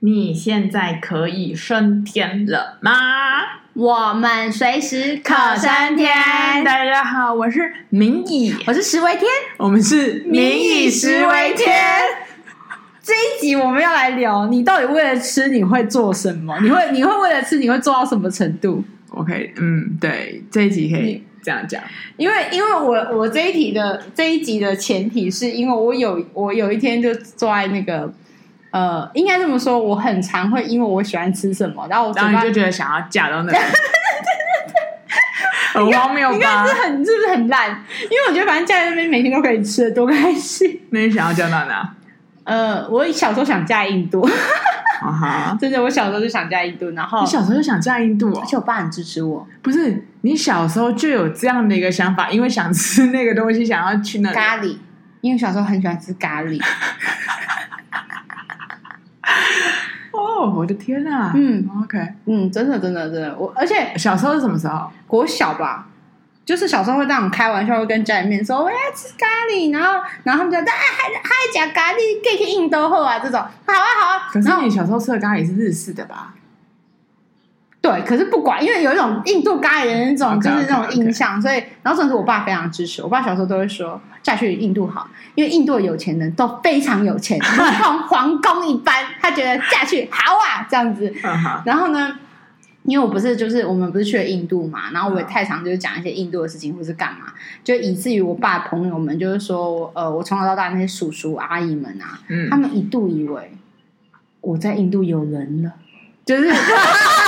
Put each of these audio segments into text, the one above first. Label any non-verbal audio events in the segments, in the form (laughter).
你現在可以升天了嗎？我們隨時可升天。大家好，我是民以，我是食為天，我們是民以食為天。為天這一集我們要來聊，你到底為了吃你會做什麼？你會你會為了吃你會做到什麼程度 (laughs) ？OK，嗯，對，這一集可以這樣講，因為因為我我這一題的這一集的前提是因為我有我有一天就坐在那個。呃，應該這麼說，我很常會因為我喜歡吃什麼，然後我就覺得想要嫁到那？對對對對對，很荒謬吧？你是不是很爛？因為我覺得反正嫁在那邊每天都可以吃得多開心。那你想要嫁到哪？呃，我小時候想嫁印度，真的，我小時候就想嫁印度。然後你小時候就想嫁印度，而且我爸很支持我。不是，你小時候就有這樣的一個想法？因為想吃那個東西，想要去那咖喱，因為小時候很喜歡吃咖喱。我的天啊！嗯，OK，嗯，真的，真的，真的,我而且小時候是什麼時候？國小吧，就是小時候會這樣開玩笑，會跟家裡面說我要吃咖喱，然後然後他們就講，哎、啊、還還加咖喱，給你去印度好啊這種，好啊好啊。可是你小時候吃的咖喱是日式的吧？對，可是不管，因為有一種印度咖喱的那種，就是那種印象，okay, okay, okay. 所以然後甚至我爸非常支持，我爸小時候都會說。嫁去印度好，因為印度有錢人都非常有錢，像 (laughs) 皇宮一般。他覺得嫁去好啊，這樣子。Uh huh. 然後呢，因為我不是，就是我們不是去了印度嘛，然後我也太常就是講一些印度的事情，或是幹嘛，uh huh. 就以至於我爸朋友們就是說，呃，我從小到大那些叔叔阿姨們啊，uh huh. 他們一度以為我在印度有人了，就是。 (laughs) (laughs)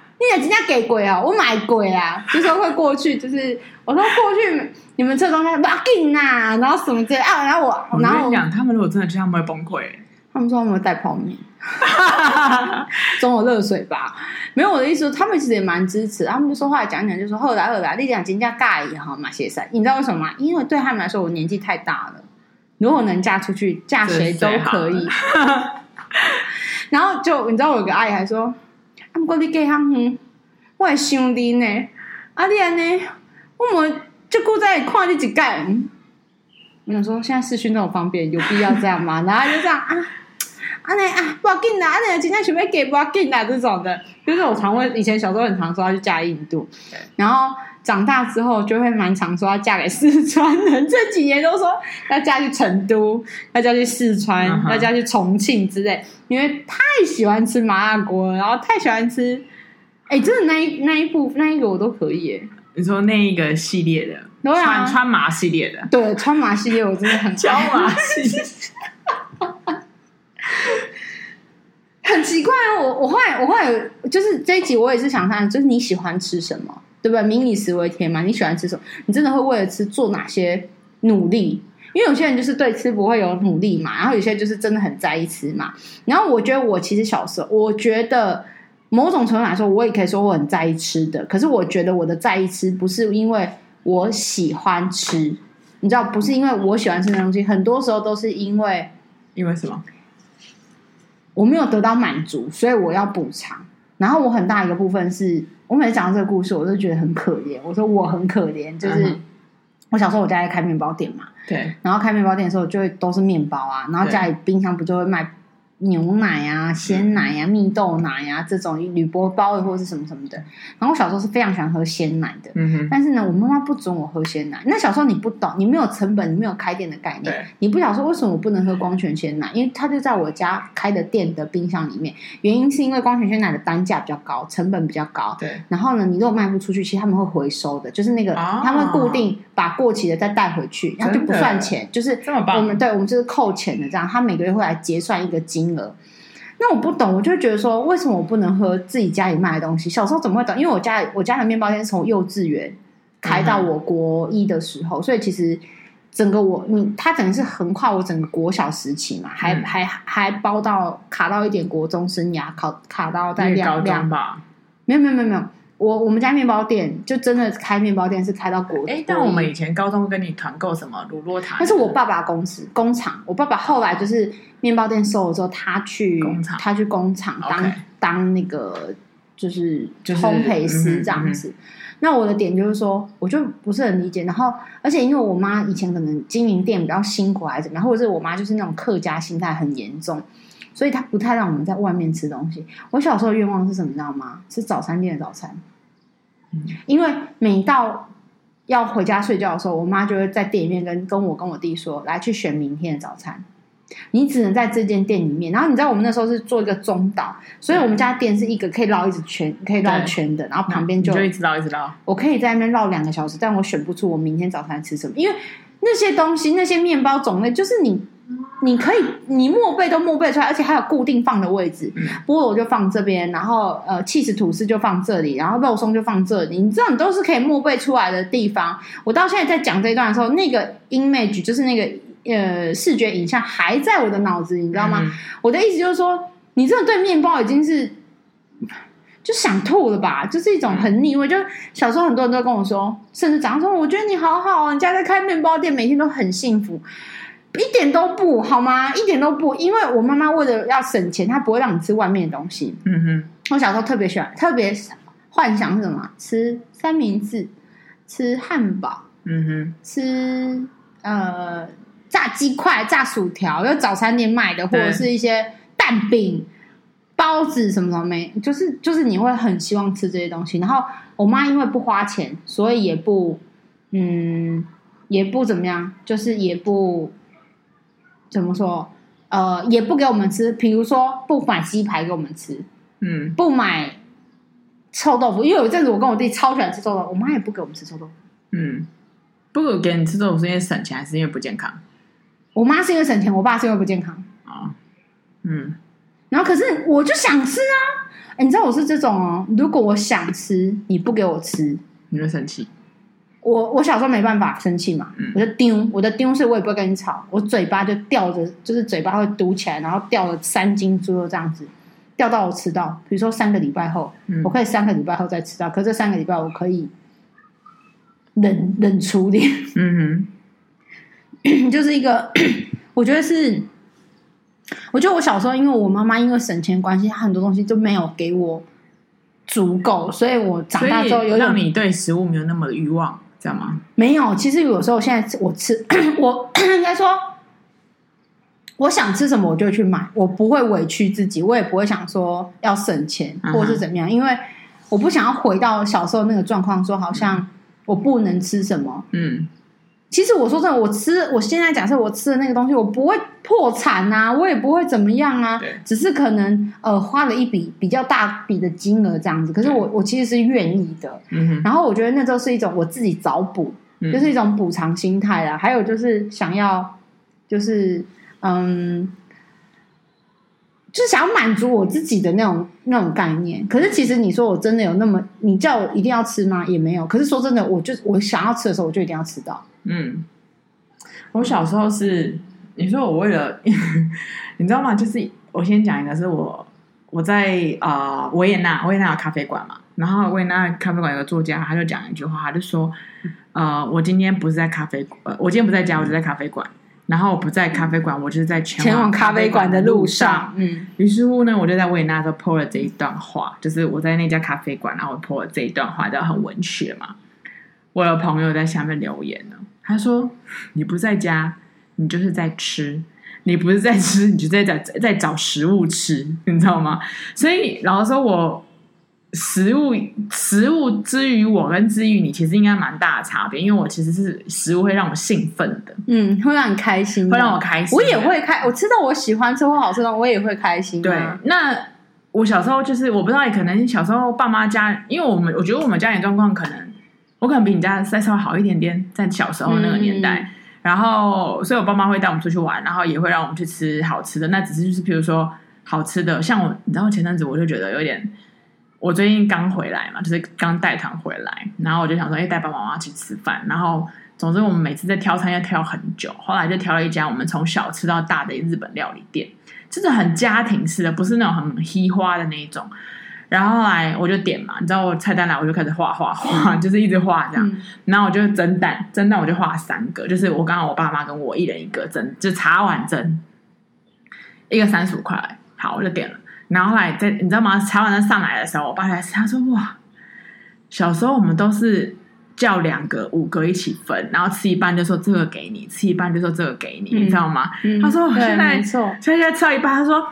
你講今天給鬼啊，我買鬼啊，就說會過去，就是我說過去你們車中間哇勁啊， (laughs) 然後什麼之類啊，然後我然後我講他們如果真的這樣，他們會崩潰。他們說他們會帶泡麵， (laughs) 總有熱水吧？沒有，我的意思說，他們其實也蠻支持，他們就說話講講，來講講就說後來後來，你講今天尬姨哈馬歇賽，你知道為什麼嗎？因為對他們來說，我年紀太大了，如果能嫁出去，嫁誰都可以。 (laughs) (laughs) 然後就你知道，我有個阿姨還說。毋過你嫁較遠，我會想你咧，啊汝安尼，我們這久再看你一屆。我、嗯、想說，現在資訊那麼方便，有必要這樣嗎？ (laughs) 然後就這樣啊，安呢啊，無要緊啦，安呢真正想欲嫁無要緊啦？啊、這種的，就是我常問，以前小時候很常說要去嫁印度，然後。長大之後就會蠻常說要嫁給四川人，這幾年都說要嫁去成都，要嫁去四川，uh huh. 要嫁去重慶之類，因為太喜歡吃麻辣鍋，然後太喜歡吃，哎、欸，真的那一那一部那一個我都可以、欸。你說那一個系列的、啊、穿穿麻系列的，對，穿麻系列我真的很喜歡 (laughs) 很奇怪、哦、我我後來我後來就是這一集我也是想看，就是你喜歡吃什麼？對不對？民以食為天嘛。你喜歡吃什麼？你真的會為了吃做哪些努力？因為有些人就是對吃不會有努力嘛，然後有些人就是真的很在意吃嘛。然後我覺得，我其實小時候，我覺得某種程度來說，我也可以說我很在意吃的。可是我覺得我的在意吃不是因為我喜歡吃，你知道，不是因為我喜歡吃那東西。很多時候都是因為，因為什麼？我沒有得到滿足，所以我要補償。然後我很大一個部分是，我每次講到這個故事，我都覺得很可憐。我說我很可憐，就是、嗯、哼我小時候我家在開麵包店嘛，對，然後開麵包店的時候就會都是麵包啊，然後家裡冰箱不就會賣。牛奶啊，鮮奶呀、啊，蜜豆奶呀、啊，這種鋁箔包的或者是什麼什麼的。然後我小時候是非常喜歡喝鮮奶的，嗯、哼但是呢，我媽媽不准我喝鮮奶。那小時候你不懂，你沒有成本，你沒有開店的概念，對你不曉得為什麼我不能喝光泉鮮奶，因為它就在我家開的店的冰箱裡面。原因是因為光泉鮮奶的單價比較高，成本比較高。對。然後呢，你如果賣不出去，其實他們會回收的，就是那個、啊、他們會固定把過期的再帶回去，他就不算錢，的就是我們這麼對我們就是扣錢的這樣。他每個月會來結算一個金。那我不懂，我就覺得說，為什麼我不能喝自己家裡賣的東西？小時候怎麼會懂？因為我家我家的麵包店是從幼稚園開到我國一的時候，嗯、哼所以其實整個我你，它等於是橫跨我整個國小時期嘛，還、嗯、還還包到卡到一點國中生涯，考卡，卡到在高中吧？沒有沒有沒有。沒有沒有我我們家麵包店就真的開麵包店是開到國，誒，但我們以前高中跟你團購什麼滷肉塔，那是我爸爸公司工廠。我爸爸後來就是麵包店收了之後，他去工廠他去工廠當 Okay 當那個就是烘焙師這樣子。就是嗯嗯，那我的點就是說，我就不是很理解。然後，而且因為我媽以前可能經營店比較辛苦還是怎麼樣，或者是我媽就是那種客家心態很嚴重。所以他不太讓我們在外面吃東西。我小時候的願望是什麼，你知道嗎？吃早餐店的早餐。因為每到要回家睡覺的時候，我媽就會在店裡面跟跟我跟我弟說：“來，去選明天的早餐。”你只能在這間店裡面。然後你知道我們那時候是做一個中島，所以我們家店是一個可以繞一直圈，可以繞圈的。然後旁邊就一直繞，一直繞。我可以在那邊繞兩個小時，但我選不出我明天早餐吃什麼，因為那些東西，那些麵包種類，就是你。你可以，你默背都默背出來，而且還有固定放的位置。菠蘿就放這邊，然後呃起司吐司就放這裡，然後肉鬆就放這裡。你知道，你都是可以默背出來的地方。我到現在在講這一段的時候，那個 image 就是那個呃視覺影像還在我的腦子，你知道嗎？嗯、我的意思就是說，你真的對麵包已經是就想吐了吧？就是一種很膩味。就小時候很多人都跟我說，甚至長大說，我覺得你好好啊，你家在開麵包店，每天都很幸福。一點都不好嗎？一點都不，因為我媽媽為了要省錢，她不會讓你吃外面的東西。嗯哼，我小時候特別喜歡，特別幻想什麼？吃三明治，吃漢堡，嗯哼，吃呃炸雞塊、炸薯條，有、就是、早餐店賣的，對或者是一些蛋餅、包子什麼什麼沒？就是就是你會很希望吃這些東西。然後我媽因為不花錢，所以也不嗯也不怎麼樣，就是也不。怎麼說？呃，也不給我們吃。比如說，不買雞排給我們吃，嗯，不買臭豆腐。因為有一陣子我跟我弟超喜歡吃臭豆腐，我媽也不給我們吃臭豆腐。嗯，不給你吃臭豆腐，是因為省錢還是因為不健康？我媽是因為省錢，我爸是因為不健康。啊、哦，嗯。然後可是，我就想吃啊！誒，你知道我是這種哦。如果我想吃，你不給我吃，你就生氣。我我小時候沒辦法生氣嘛，嗯、我就丟，我的丟是我也不會跟你吵，我嘴巴就吊着，就是嘴巴會嘟起來，然後吊了三斤豬肉這樣子，吊到我吃到。比如說三個禮拜後，嗯、我可以三個禮拜後再吃到，可是這三個禮拜我可以冷冷處理。嗯哼， (laughs) 就是一個，我覺得是，我覺得我小時候因為我媽媽因為省錢關係，她很多東西就沒有給我足夠，所以我長大之後有點讓你對食物沒有那麼的欲望。這樣嗎？沒有，其實有時候現在我吃，我應該說，我想吃什麼我就去買，我不會委屈自己，我也不會想說要省錢或是怎麼樣，嗯、哼因為我不想要回到小時候那個狀況，說好像、嗯、我不能吃什麼，嗯。其實我說真的，我吃，我現在假設我吃的那個東西，我不會破產吶，啊，我也不會怎麼樣啊。對只是可能呃花了一筆比較大筆的金額這樣子，可是我對我其實是願意的。嗯哼。然後我覺得那時候是一種我自己找補，嗯、就是一種補償心態啦。還有就是想要，就是嗯，就是想要滿足我自己的那種、嗯、那種概念。可是其實你說我真的有那麼，你叫我一定要吃嗎？也沒有。可是說真的，我就我想要吃的時候，我就一定要吃到。嗯，我小時候是你說我為了呵呵，你知道嗎？就是我先講一個，是我我在啊呃、維也納，維也納有咖啡館嘛。然後維也納咖啡館有個作家，他就講一句話，他就說：呃，我今天不是在咖啡，呃、我今天不在家，我就在咖啡館。嗯、然後我不在咖啡館，我就是在前往咖啡館的,的路上。嗯，於是乎呢，我就在維也納都 PO 了這一段話，就是我在那家咖啡館，然後我 PO 了這一段話，就很文學嘛。我有朋友在下面留言呢。他說：“你不在家，你就是在吃；你不是在吃，你就在在在找食物吃，你知道嗎？所以，然後說我食物食物之於我跟之於你，其實應該蠻大的差別，因為我其實是食物會讓我興奮的，嗯，會讓你開心，會讓我開心。我也會開，我吃到我喜歡吃或好吃的，我也會開心啊。對，那我小時候就是，我不知道，可能小時候爸媽家，因為我們我覺得我們家庭狀況可能。”我可能比你家再稍微好一點點，在小時候那個年代，嗯、然後所以我爸媽會帶我們出去玩，然後也會讓我們去吃好吃的。那只是就是，譬如說好吃的，像我，你知道前陣子我就覺得有點，我最近剛回來嘛，就是剛帶團回來，然後我就想說，哎、欸，帶爸爸媽媽去吃飯。然後總之我們每次在挑餐要挑很久，後來就挑了一家我們從小吃到大的日本料理店，就是很家庭式的，不是那種很稀花的那種。然後來我就點嘛，你知道我菜單來我就開始畫畫畫，就是一直畫這樣。嗯、然後我就蒸蛋，蒸蛋我就畫三個，就是我剛好我爸媽跟我一人一個蒸就茶碗蒸，一個三十五塊。好，我就點了。然後來在你知道嗎？茶碗蒸上來的時候，我爸他他說哇，小時候我們都是叫兩個五個一起分，然後吃一半就說這個給你，吃一半就說這個給你，你知道嗎？嗯嗯、他說現在，沒現在現在吃一半，他說。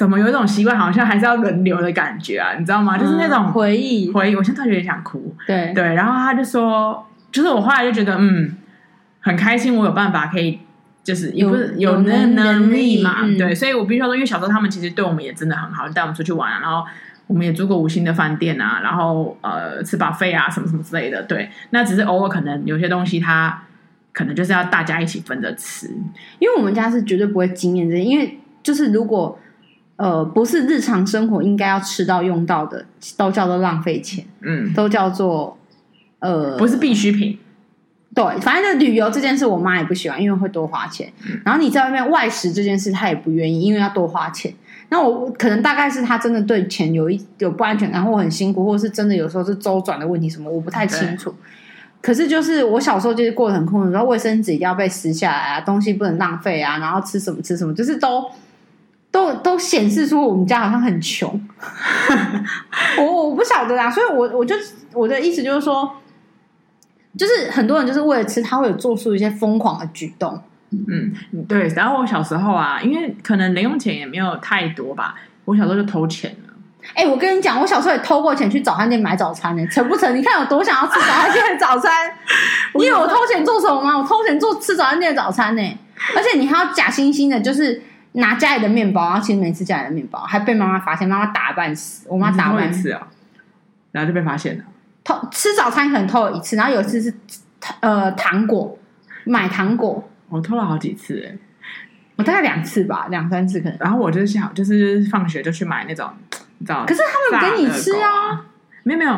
怎麼有一種習慣，好像還是要輪流的感覺啊？你知道嗎？嗯、就是那種回憶，回憶。對我現在突然有點想哭。對對。然後他就說，就是我後來就覺得，嗯，很開心，我有辦法可以，就是,是有有那能,能力嘛。嗯、對，所以我必須要說，因為小時候他們其實對我們也真的很好，帶我們出去玩、啊，然後我們也住過五星的飯店啊，然後呃，吃 buffet 啊，什麼什麼之類的。對，那只是偶爾可能有些東西，它可能就是要大家一起分着吃，因為我們家是絕對不會經驗這些，因為就是如果。呃，不是日常生活應該要吃到用到的，都叫做浪費錢。嗯，都叫做呃，不是必需品。對，反正就旅遊這件事，我媽也不喜歡，因為會多花錢。嗯、然後你在外面外食這件事，她也不願意，因為要多花錢。那我可能大概是她真的對錢有一有不安全感，或很辛苦，或是真的有時候是周轉的問題什麼，我不太清楚。對可是就是我小時候就是過得很控制，然後衛生紙一定要被撕下來啊，東西不能浪費啊，然後吃什麼吃什麼，就是都。都都顯示出我們家好像很窮， (laughs) 我我不曉得啦，所以我我就我的意思就是說，就是很多人就是為了吃，他會有做出一些瘋狂的舉動。嗯，對。然後我小時候啊，因為可能零用錢也沒有太多吧，我小時候就偷錢了。哎、欸，我跟你講，我小時候也偷過錢去早餐店買早餐呢、欸，成不成？你看我多想要吃早餐店的早餐。你以 (laughs) 為我偷錢做什麼嗎？我偷錢做吃早餐店的早餐呢、欸， (laughs) 而且你還要假惺惺的，就是。拿家裡的麵包，然後其實沒吃家裡的麵包，還被媽媽發現，媽媽打了半死。我媽打了半死哦，然後就被發現了。偷吃早餐可能偷了一次，然後有一次是呃糖果，買糖果，我偷了好幾次，我大概兩次吧，嗯、兩三次可能。然後我就想，就是放學就去買那種，你知道？可是他們給你吃啊、哦？沒有沒有，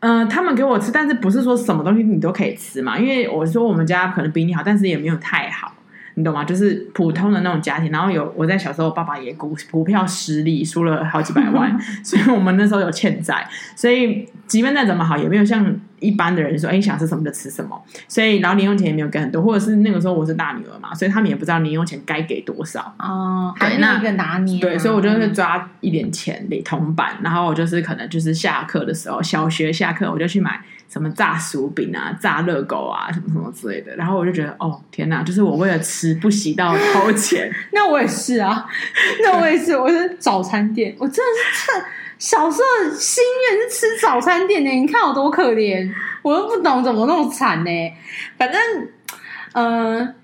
嗯、呃，他們給我吃，但是不是說什麼東西你都可以吃嘛？因為我說我們家可能比你好，但是也沒有太好。你懂嗎？就是普通的那種家庭，然後有我在小時候，爸爸也股股票失利，輸了好幾百萬， (laughs) 所以我們那時候有欠債，所以即便再怎麼好，也沒有像。一般的人說，哎、欸，你想吃什麼就吃什麼，所以然後零用錢也沒有給很多，或者是那個時候我是大女兒嘛，所以他們也不知道零用錢該給多少。哦，對，啊、那，那個拿捏、啊，對，所以我就是抓一點錢，給銅、嗯、板，然後我就是可能就是下課的時候，小學下課我就去買什麼炸薯餅啊、炸熱狗啊，什麼什麼之類的，然後我就覺得，哦，天哪、啊，就是我為了吃不惜到掏錢。 (laughs) 那我也是啊，那我也是， (laughs) 我是早餐店，我真的是。 (laughs) 小時候心願是吃早餐店的，你看我多可憐，我又不懂怎麼那麼慘呢？反正，嗯、呃，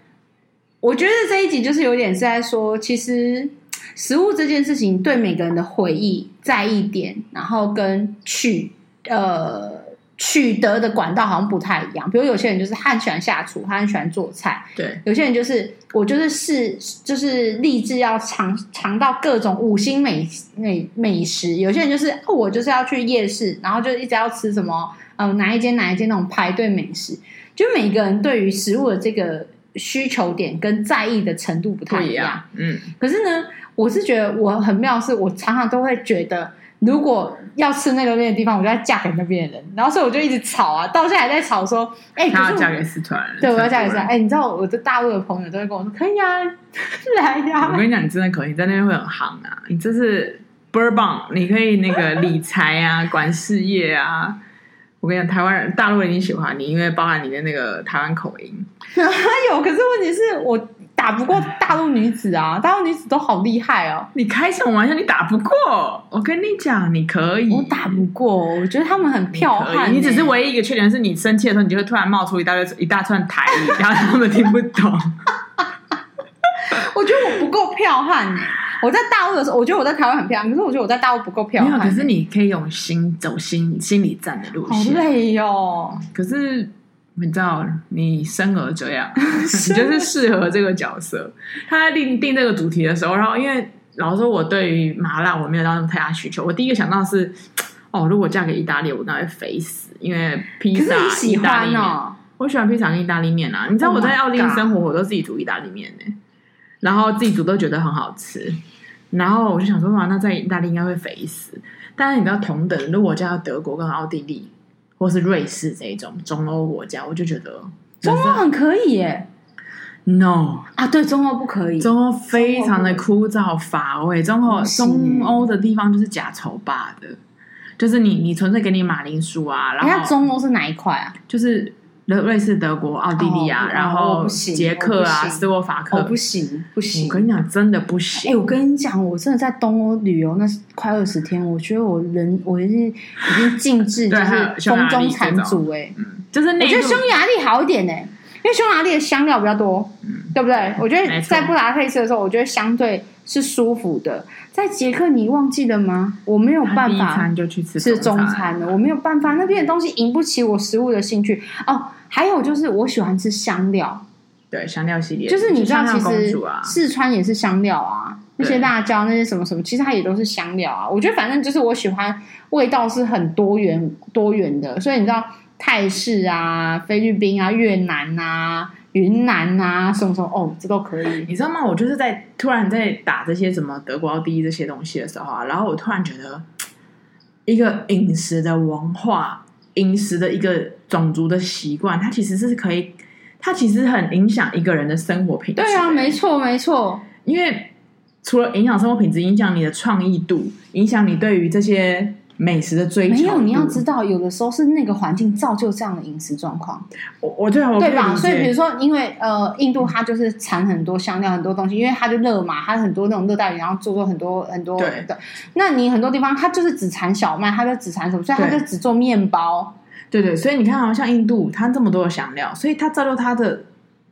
我覺得這一集就是有點是在說，其實食物這件事情對每個人的回憶、在意點，然後跟去呃。取得的管道好像不太一樣，比如有些人就是很喜歡下廚，很喜歡做菜；對，有些人就是我就是是就是立志要嘗嘗到各種五星美美美食。有些人就是我就是要去夜市，然後就一直要吃什麼，嗯、呃，哪一間哪一間那種排隊美食。就每個人對於食物的這個需求點跟在意的程度不太一樣。啊、嗯，可是呢，我是覺得我很妙，是我常常都會覺得。如果要吃那個的地方，我就要嫁給那邊的人，然後所以我就一直吵啊，對到現在還在吵說，哎、欸，就是，我要嫁給四川人，對，我要嫁給四川。哎、欸，你知道我這大陸的朋友都會跟我說，可以啊，來呀、啊。我跟你講，你真的可以。在那邊會很行啊，你這是 b u r b o n 你可以那個理財啊， (laughs) 管事業啊。我跟你講，台灣人、大陸人你喜歡你，因為包含你的那個台灣口音。 (laughs) 有，可是問題是我。打不過大陸女子啊！大陸女子都好厲害哦！你開什麼玩笑？你打不過！我跟你講，你可以。我打不過，我覺得他們很剽悍、欸你。你只是唯一一個缺點，是你生氣的時候，你就會突然冒出一大堆、一大串台語， (laughs) 然後他們聽不懂。 (laughs) 我覺得我不夠剽悍，我在大陸的時候，我覺得我在台灣很漂亮，可是我覺得我在大陸不夠漂亮。可是你可以用心走心心理戰的路線，好累喲、哦。可是。你知道，你生而這樣、啊， (laughs) 嗎你就是適合這個角色。他在定定這個主題的時候，然後因為老實說，我對於麻辣我沒有到那麼太大需求。我第一個想到是，哦，如果嫁給意大利，我當然會肥死，因為披薩、我喜歡哦、喔，我喜歡披薩跟意大利面啊！你知道我在奧地利生活，oh、我都自己煮意大利麵呢、欸，然後自己煮都覺得很好吃。然後我就想說，哇，那在意大利應該會肥死。但是你知道，同等如果嫁到德國跟奧地利。或是瑞士這種中歐國家，我就覺得中歐很可以耶。No 啊，對，中歐不可以，中歐非常的枯燥乏味。中歐中歐的地方就是假醜霸的，就是你你純粹給你馬鈴薯啊。然後、欸、中歐是哪一塊啊？就是。瑞瑞士、德國、奧地利啊，哦、然後捷克啊、斯洛伐克，不行不行，我跟你講，真的不行。哎、欸，我跟你講，我真的在東歐旅遊那是快二十天，我覺得我人我已經已經靜止、嗯，就是風中殘燭。哎，就是我覺得匈牙利好一點哎，因為匈牙利的香料比較多，嗯、對不對？嗯、我覺得在布達佩斯的時候，我覺得相對。是舒服的，在捷克你忘記了嗎？我沒有辦法，是吃中餐的，我沒有辦法，那邊的東西引不起我食物的興趣哦。還有就是，我喜歡吃香料，對香料系列，就是你知道，其實四川也是香料啊，料啊那些辣椒，那些什麼什麼，其實它也都是香料啊。對我覺得反正就是我喜歡味道是很多元多元的，所以你知道。泰式啊，菲律賓啊，越南啊，雲南啊，什麼什麼，哦，這都可以。你知道嗎？我就是在突然在打這些什麼德國奧地利這些東西的時候啊，然後我突然覺得，一個飲食的文化，飲食的一個種族的習慣，它其實是可以，它其實很影響一個人的生活品質。對啊，沒錯沒錯。因為除了影響生活品質，影響你的創意度，影響你對於這些。美食的追求，沒有你要知道，有的時候是那個環境造就這樣的飲食狀況。我我對我對，對吧？所以比如說，因為呃，印度它就是產很多香料，很多東西，嗯、因為它就熱嘛，它很多那種熱帶雨，然後做做很多很多對。那你很多地方，它就是只產小麥，它就只產什麼？所以它就只做麵包。對，對對，所以你看啊，像印度，嗯、它這麼多的香料，所以它造就它的。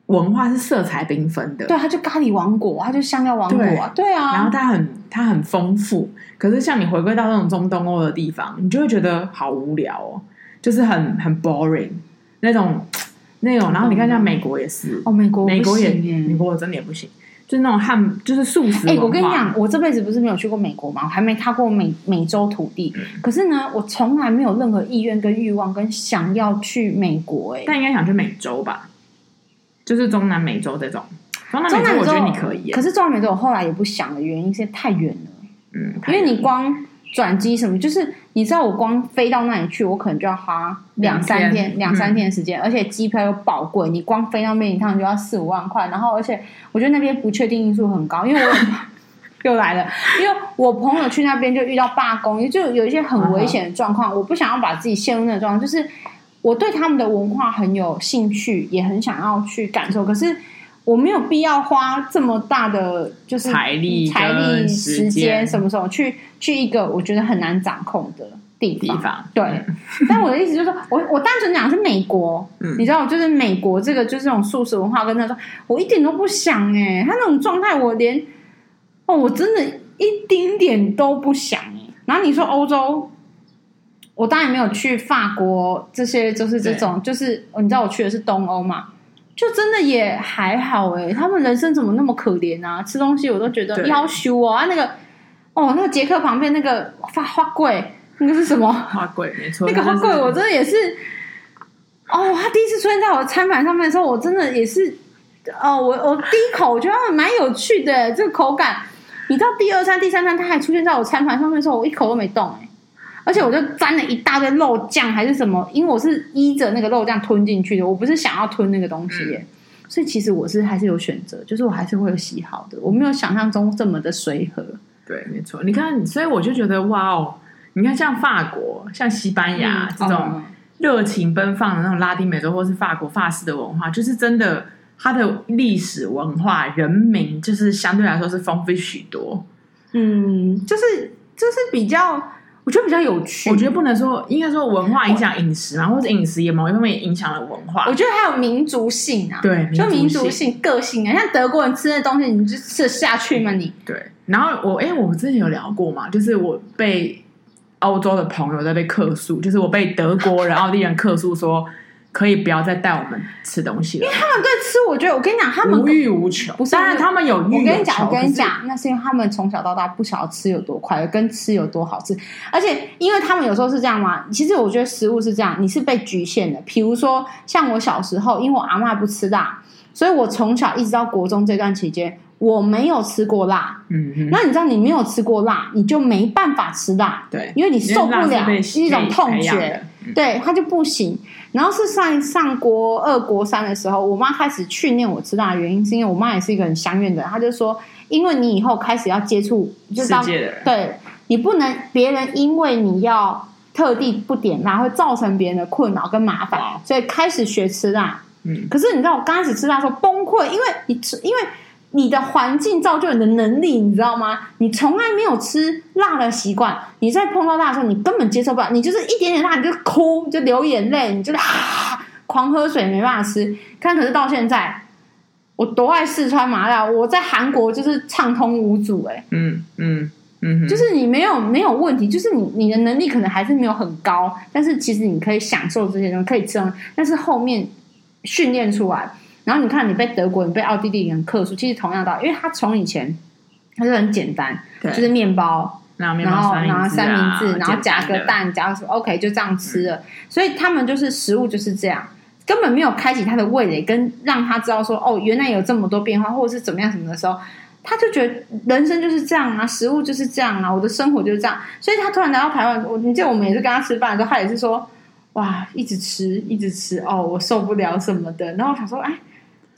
文化是色彩繽紛的，對，它就咖喱王國，它就香料王國，啊，對，對啊。然後它很它很豐富，可是像你回歸到那種中東歐的地方，你就會覺得好無聊哦，就是很很 boring 那種那種。然後你看像美國也是，嗯、國也哦，美國美國也，美國真的也不行，就是那種漢就是素食。哎、欸，我跟你講，我這輩子不是沒有去過美國嗎？我還沒踏過美美洲土地。嗯、可是呢，我從來沒有任何意願跟欲望跟想要去美國，哎、欸，但應該想去美洲吧。就是中南美洲這種，中南美洲我覺得你可以。可是中南美洲我後來也不想的原因是太遠了，嗯，因為你光轉機什麼，就是你知道我光飛到那裡去，我可能就要花兩三天、兩天三天的時間，嗯、而且機票又寶貴，你光飛到那一趟就要四五萬塊，然後而且我覺得那邊不確定因素很高，因為我 (laughs) 又來了，因為我朋友去那邊就遇到罷工，就有一些很危險的狀況，嗯、哼我不想要把自己陷入那種狀況，就是。我對他們的文化很有興趣，也很想要去感受，可是我沒有必要花這麼大的就是財力、財力、時間，時間什麼時候去去一個我覺得很難掌控的地方？地方對。嗯、但我的意思就是說，我我單純講是美國， (laughs) 你知道，就是美國這個就是這種素食文化跟，跟他說我一點都不想耶，他那種狀態我連哦，我真的一丁點都不想耶。然後你說歐洲。我當然沒有去法國，這些就是這種，對就是你知道我去的是東歐嘛，就真的也還好誒、欸、他們人生怎麼那麼可憐啊？吃東西我都覺得夭壽、喔、對啊！那個哦，那個捷克旁邊那個花花貴，那個是什麼花貴？沒錯，那個花貴，我真的也是。是是哦，他第一次出現在我餐盤上面的時候，我真的也是哦，我我第一口我覺得蠻有趣的這個口感。你知道第二餐、第三餐他還出現在我餐盤上面的時候，我一口都沒動。而且我就沾了一大堆肉醬，還是什麼？因為我是依着那個肉醬吞進去的，我不是想要吞那個東西耶。嗯、所以其實我是還是有選擇，就是我還是會有喜好的。我沒有想象中這麼的隨和。對，沒錯。你看，所以我就覺得哇哦，你看像法國、像西班牙、嗯、這種熱情奔放的那種拉丁美洲或是法國法式的文化，就是真的，它的歷史文化、人民就是相對來說是豐富許多。嗯，就是就是比較。我覺得比較有趣。我覺得不能說，應該說文化影響飲食嘛，我，或者飲食也某一方面影響了文化。我覺得還有民族性啊，對，民就民族性、個性啊，像德國人吃那東西，你就吃得下去嗎你？你對。然後我，哎、欸，我們之前有聊過嘛，就是我被歐洲的朋友在被客訴，就是我被德國人、奧地利人客訴說。可以不要再帶我們吃東西了，因為他們對吃，我覺得我跟你講，他們不無欲無求。不是，當然他們有欲有求。我跟你講，我跟你講，是那是因為他們從小到大不曉得吃有多快樂，跟吃有多好吃。而且，因為他們有時候是這樣嘛，其實我覺得食物是這樣，你是被局限的。比如說，像我小時候，因為我阿嬤不吃辣，所以我從小一直到國中這段期間，我沒有吃過辣。嗯嗯哼。那你知道，你沒有吃過辣，你就沒辦法吃辣，對，因為你受不了，是一種痛覺。對他就不行。然後是上上國二國三的時候，我媽開始訓練我吃辣，原因是因為我媽也是一個很鄉願的，她就說：“因為你以後開始要接觸世界的，對，你不能別人因為你要特地不點辣，會造成別人的困擾跟麻煩，哇所以開始學吃辣。嗯”可是你知道我剛開始吃辣的時候崩潰，因為你吃因為。你的環境造就你的能力，你知道嗎？你從來沒有吃辣的習慣，你在碰到辣的時候，你根本接受不了，你就是一點點辣你就哭就流眼淚，你就啊狂喝水沒辦法吃。看，可是到現在我多愛四川麻辣，我在韓國就是暢通無阻欸，嗯，嗯嗯嗯，就是你沒有沒有問題，就是你你的能力可能還是沒有很高，但是其實你可以享受這些東西，可以吃，但是後面訓練出來。然後你看，你被德國人、你被奧地利人克數，其實同樣道理，因為他從以前，他就很簡單，對就是麵包，然後拿後三明治，啊，然後，然後夾個蛋，夾什麼 OK，就這樣吃了。嗯、所以他們就是食物就是這樣，根本沒有開啟他的味蕾，跟讓他知道說哦，原來有這麼多變化，或者是怎麼樣什麼的時候，他就覺得人生就是這樣啊，食物就是這樣啊，我的生活就是這樣。所以他突然來到台灣，我，你記得我們也是跟他吃飯的時候，他也是說哇，一直吃，一直吃，哦，我受不了什麼的。然後我想說，哎。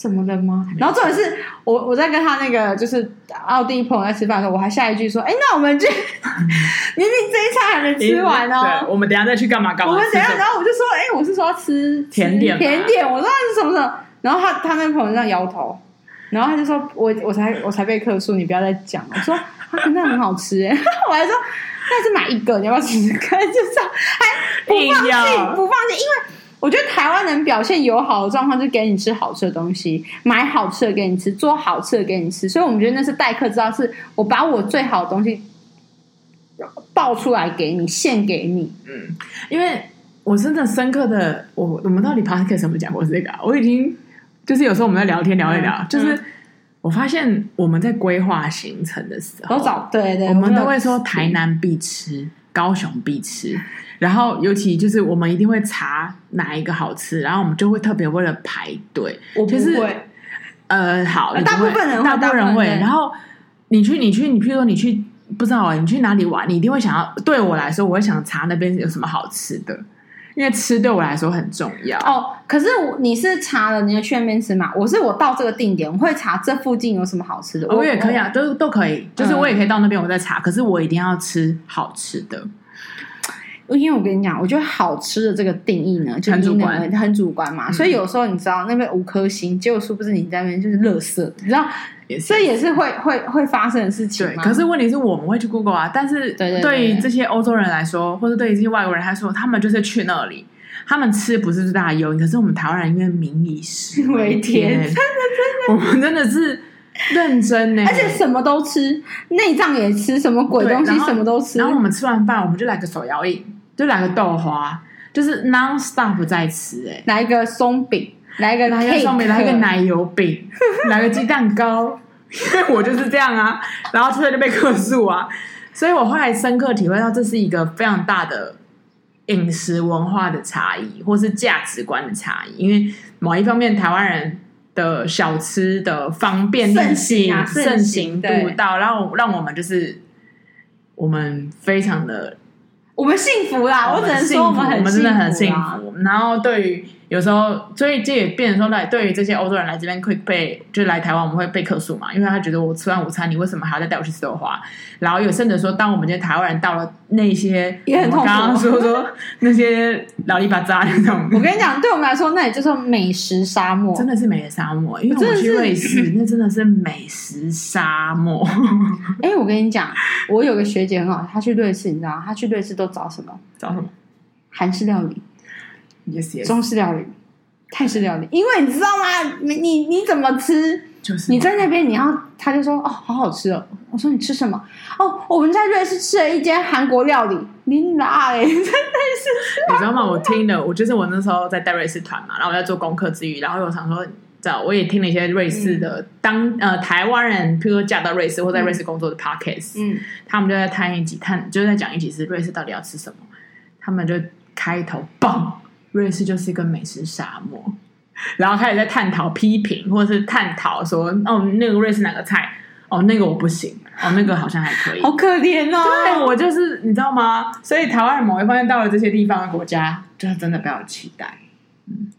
什麼的嗎？然後重點是我我在跟他那個就是奧地利朋友在吃飯的時候，我還下一句說：“哎、欸，那我們就、嗯、明明這一餐還沒吃完呢、哦嗯，我們等一下再去幹嘛幹嘛？”幹嘛我們等下，然後我就說：“哎、欸，我是說要吃，甜點，吃甜點，甜點。”我說：“是什麼什麼？”然後他他那朋友這樣搖頭，然後他就說：“我我才我才被客訴你不要再講了。”我說：“他真的很好吃。 (laughs) ”我還說：“那是買一個，你要不要吃？」試看？”就是還不放棄，用不放棄，因為。我覺得台灣人表現友好的狀況是給你吃好吃的東西，買好吃的給你吃，做好吃的給你吃，所以我們覺得那是待客之道。是我把我最好的東西爆出來給你，獻給你。嗯，因為我真的深刻的，我我們到底 podcast 什麼講過是這個？我已經就是有時候我們在聊天聊一聊，嗯、就是我發現我們在規劃行程的時候，對，對對，我們都會說台南必吃，對高雄必吃。然後，尤其就是我們一定會查哪一個好吃，然後我們就會特別為了排隊。我不，就是呃，好，大部分人，大部分人會。然後你去，你去，你譬如說你去，不知道你去哪裡玩，你一定會想要。對我來說，我會想查那邊有什麼好吃的，因為吃對我來說很重要。哦，可是你是查了你要去那邊吃嘛？我是我到這個定點，我會查這附近有什麼好吃的。哦、我也可以啊，哦、都都可以，就是我也可以到那邊，我再查。嗯、可是我一定要吃好吃的。因為我跟你講，我覺得好吃的這個定義呢，就很主觀，很主觀嘛。嗯、所以有時候你知道那邊五顆星，結果殊不知你在那邊就是垃圾？你知道，這也，是也是會會會發生的事情。對，可是問題是我們會去 Google 啊，但是對於這些歐洲人來說，或是對於這些外國人來說，他們就是去那裡，他們吃不是最大的優先。可是我們台灣人因為民以食為天，真的真的， (laughs) (laughs) 我們真的是認真的，而且什麼都吃，內臟也吃什麼鬼東西，什麼都吃。然後我們吃完飯，我們就來個手搖飲。就來個豆花，嗯、就是 non stop 在吃哎、欸，來一個鬆餅，來一個，來一個鬆餅，客來一個奶油餅，來個雞蛋糕， (laughs) 因為我就是這樣啊，然後出來就被客訴啊，所以我後來深刻體會到這是一個非常大的飲食文化的差異，或是價值觀的差異，因為某一方面台灣人的小吃的方便性、盛行，啊、盛行度到，然後對讓，讓我們就是我們非常的。嗯我們幸福啦！我們幸福，我只能說我們很幸福，我們真的很幸福。啊，然後對於。有時候，所以這也變成說來，對於這些歐洲人來這邊會被，就是來台灣我們會被客訴嘛，因為他覺得我吃完午餐，你為什麼還要再帶我去吃豆花？然後有甚者說，當我們這些台灣人到了那些，也很痛苦。剛剛說說那些老一巴渣的那種。 (laughs) 我跟你講，對我們來說，那也就是美食沙漠，真的是美食沙漠。因為我們去瑞士，真的 (laughs) 那真的是美食沙漠。哎、 (laughs) 欸，我跟你講，我有個學姐很好，她去瑞士，你知道她去瑞士都找什麼？找什麼？韓式料理。Yes, yes. 中式料理、泰式料理，因為你知道嗎？你你怎麼吃？就是什麼你在那邊，然後他就說：“哦，好好吃哦！”我說：“你吃什麼？”哦，我們在瑞士吃了一間韓國料理。你哪？哎，真的是。你知道嗎？我聽的，我就是我那時候在帶瑞士團嘛，然後我在做功課之餘，然後我想說，我也聽了一些瑞士的、嗯、當呃台灣人，譬如說嫁到瑞士或在瑞士工作的 podcast，嗯，嗯他們就在談一集，談就是在講一集是瑞士到底要吃什麼，他們就開頭嘣。瑞士就是一個美食沙漠，然後他也在探討批評，或者是探討說，哦，那個瑞士哪個菜，哦，那個我不行，哦，那個好像還可以，好可憐哦。對，我就是你知道嗎？所以台灣某一方面到了這些地方的國家，就是真的比較期待。嗯，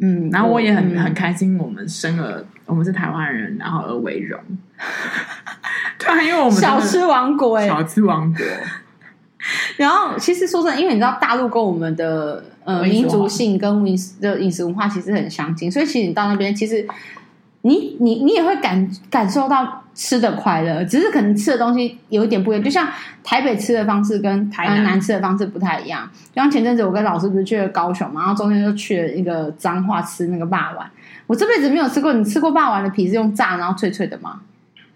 嗯，然後我也很、嗯、很開心，我們生了，我們是台灣人，然後而為榮。 (laughs) 對，因為我們小吃，小吃王國，小吃王國。 (laughs) 然後，其實說真的，因為你知道大陸跟我們的呃民族性跟民的飲食文化其實很相近，所以其實你到那邊，其實你你你也會感感受到吃的快樂，只是可能吃的東西有一點不一樣，就像台北吃的方式跟台南、呃、南吃的方式不太一樣。就像前陣子我跟老師不是去了高雄嘛，然後中間就去了一個彰化，吃那個肉圓，我這輩子沒有吃過。你吃過肉圓的皮是用炸然後脆脆的嗎？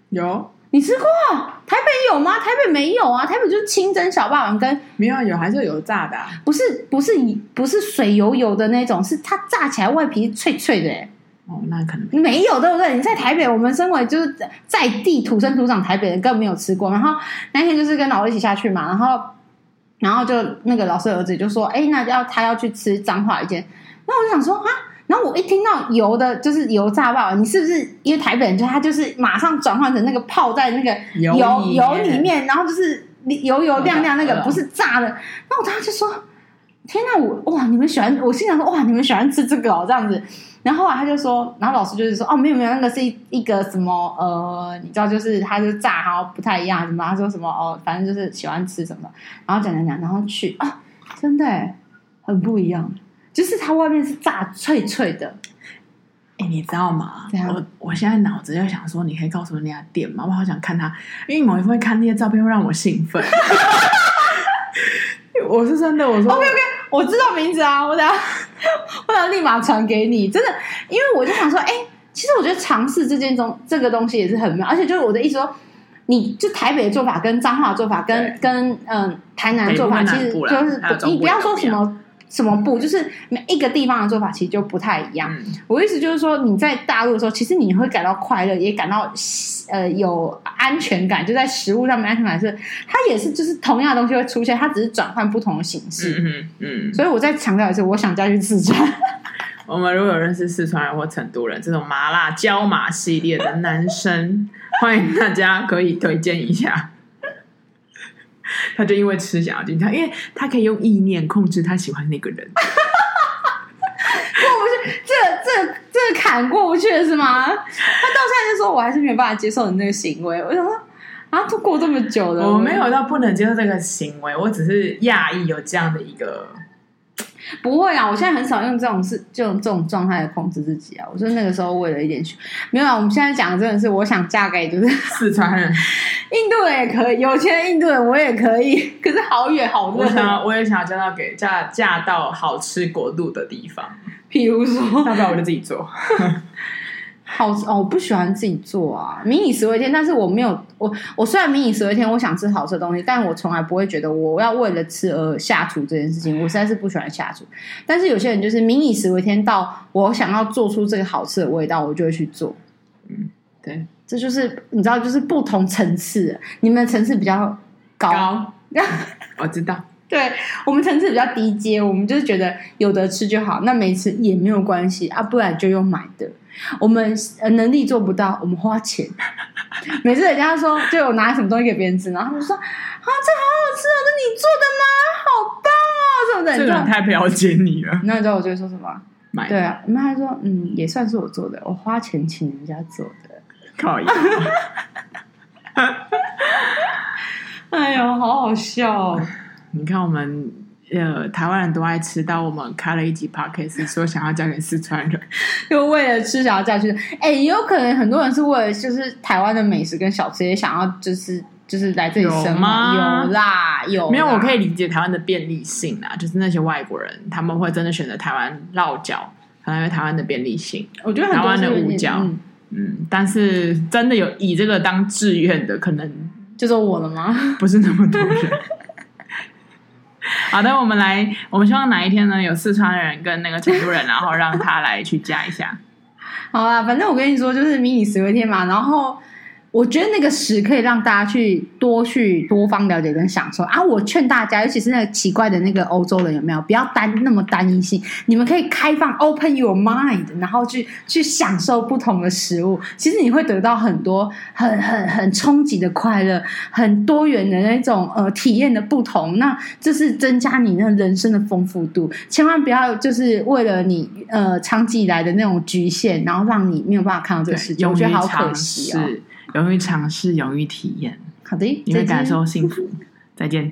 有。你吃過、啊、台北有嗎？台北沒有啊，台北就是清蒸小霸王跟沒有有還是有炸的、啊不，不是不是不是水油油的那種，是它炸起來外皮脆脆的、欸。哦，那可能沒，沒有對不對？你在台北，我們身為就是在地土生土長台北人，根本沒有吃過。然後那天就是跟老師一起下去嘛，然後然後就那個老師兒子就說：“哎，那要他要去吃彰化一間。”那我就想說啊。然後我一聽到油的，就是油炸爆，你是不是？因為台北人就他就是馬上轉換成那個泡在那個油油，油裡面，然後就是油油亮亮那個，嗯嗯、不是炸的。那我當時就說：“天哪，我哇！你們喜歡？我心想說：哇，你們喜歡吃這個哦，這樣子。”然後啊，他就說：“然後老師就是說：哦，沒有沒有，那個是一一個什麼呃，你知道就是他就是炸，然後不太一樣什麼？他說什麼哦，反正就是喜歡吃什麼。然後講講講，然後去啊，真的耶很不一樣。”就是它外面是炸脆脆的，哎、欸，你知道嗎？對啊、我我現在腦子就想說，你可以告訴我那家店嗎？我好想看它，因為某一份看那些照片會讓我興奮。 (laughs) (laughs) 我是真的，我說 OK OK，我知道名字啊，我等下我等下立馬傳給你。真的，因為我就想說，哎、欸，其實我覺得嘗試這件東，這個東西也是很妙，而且就是我的意思說，你就台北的做法跟彰化的做法跟對跟嗯、呃、台南做法其實就是你不要說什麼。什麼不、嗯、就是每一個地方的做法其實就不太一樣。嗯、我意思就是說，你在大陸的時候，其實你會感到快樂，也感到呃有安全感。就在食物上面來說，它也是就是同樣的東西會出現，它只是轉換不同的形式。嗯嗯。所以我再強調一次，我想再去四川。我們如果有認識四川人或成都人這種麻辣椒麻系列的男生， (laughs) 歡迎大家可以推薦一下。他就因為吃想要進去，因為他可以用意念控制他喜歡那個人。 (laughs) 過不去， (laughs) 這這這坎過不去了是嗎？ (laughs) 他到現在就說，我還是沒有辦法接受你的那個行為，我想說啊，都過這麼久了，我沒有到不能接受這個行為，我只是訝異有這樣的一個。不會啊，我現在很少用這種事，就這種狀態來控制自己啊。我說那個時候為了一點錢，沒有啊。我們現在講的真的是，我想嫁給就是四川人，印度人也可以，有錢的印度人我也可以。可是好遠好遠，我想要我也想要嫁到給嫁嫁到好吃國度的地方，譬如說，要不要我就自己做。 (laughs) 好哦，我不喜歡自己做啊。民以食為天，但是我沒有我我雖然民以食為天，我想吃好吃的東西，但我從來不會覺得我要為了吃而下廚這件事情。我實在是不喜歡下廚。嗯、但是有些人就是民以食為天，到我想要做出這個好吃的味道，我就會去做。嗯，對，這就是你知道，就是不同層次，啊，你們的層次比較高，高 (laughs) 我知道。對，我們層次比較低階，我們就是覺得有得吃就好，那沒吃也沒有關係啊，不然就用買的。我們呃能力做不到，我們花錢。每次人家說，就我拿什麼東西給別人吃，然後他們就說啊，這好好吃哦，啊，這你做的嗎？好棒哦，什麼的。你這種太了解你了。那你知道我就說什麼？買的對啊。你們還說，嗯，也算是我做的，我花錢請人家做的。靠野！ (laughs) (laughs) 哎呦，好好笑哦。你看我們呃，台灣人都愛吃，到我們開了一集 Podcast，說想要嫁給四川人， (laughs) 就為了吃，想要嫁去。哎，欸，有可能很多人是為了就是台灣的美食跟小吃也想要，就是就是來這裡生活。有嗎？有啦，有啦。沒有，我可以理解台灣的便利性啦，就是那些外國人他們會真的選擇台灣落腳，可能因為台灣的便利性。我覺得很多台灣的五腳，嗯，但是真的有以這個當志願的，可能就是我了嗎？不是那麼多人。 (laughs) 好的，我們來，我們希望哪一天呢？有四川人跟那個成都人，然後讓他來去加一下。 (laughs) 好啊，反正我跟你說，就是民以食為天嘛，然後。我覺得那個食可以讓大家去多去多方了解跟享受啊！我勸大家，尤其是那個奇怪的那個歐洲人，有沒有不要單那麼單一性？你們可以開放 open your mind，然後去去享受不同的食物。其實你會得到很多很很很衝擊的快樂，很多元的那種呃體驗的不同。那就是增加你那人生的豐富度。千萬不要就是為了你呃長期以來的那種局限，然後讓你沒有辦法看到這個世界，我覺得好可惜啊、哦。勇於嘗試，勇於體驗，好的，你會感受幸福， (laughs) 再見。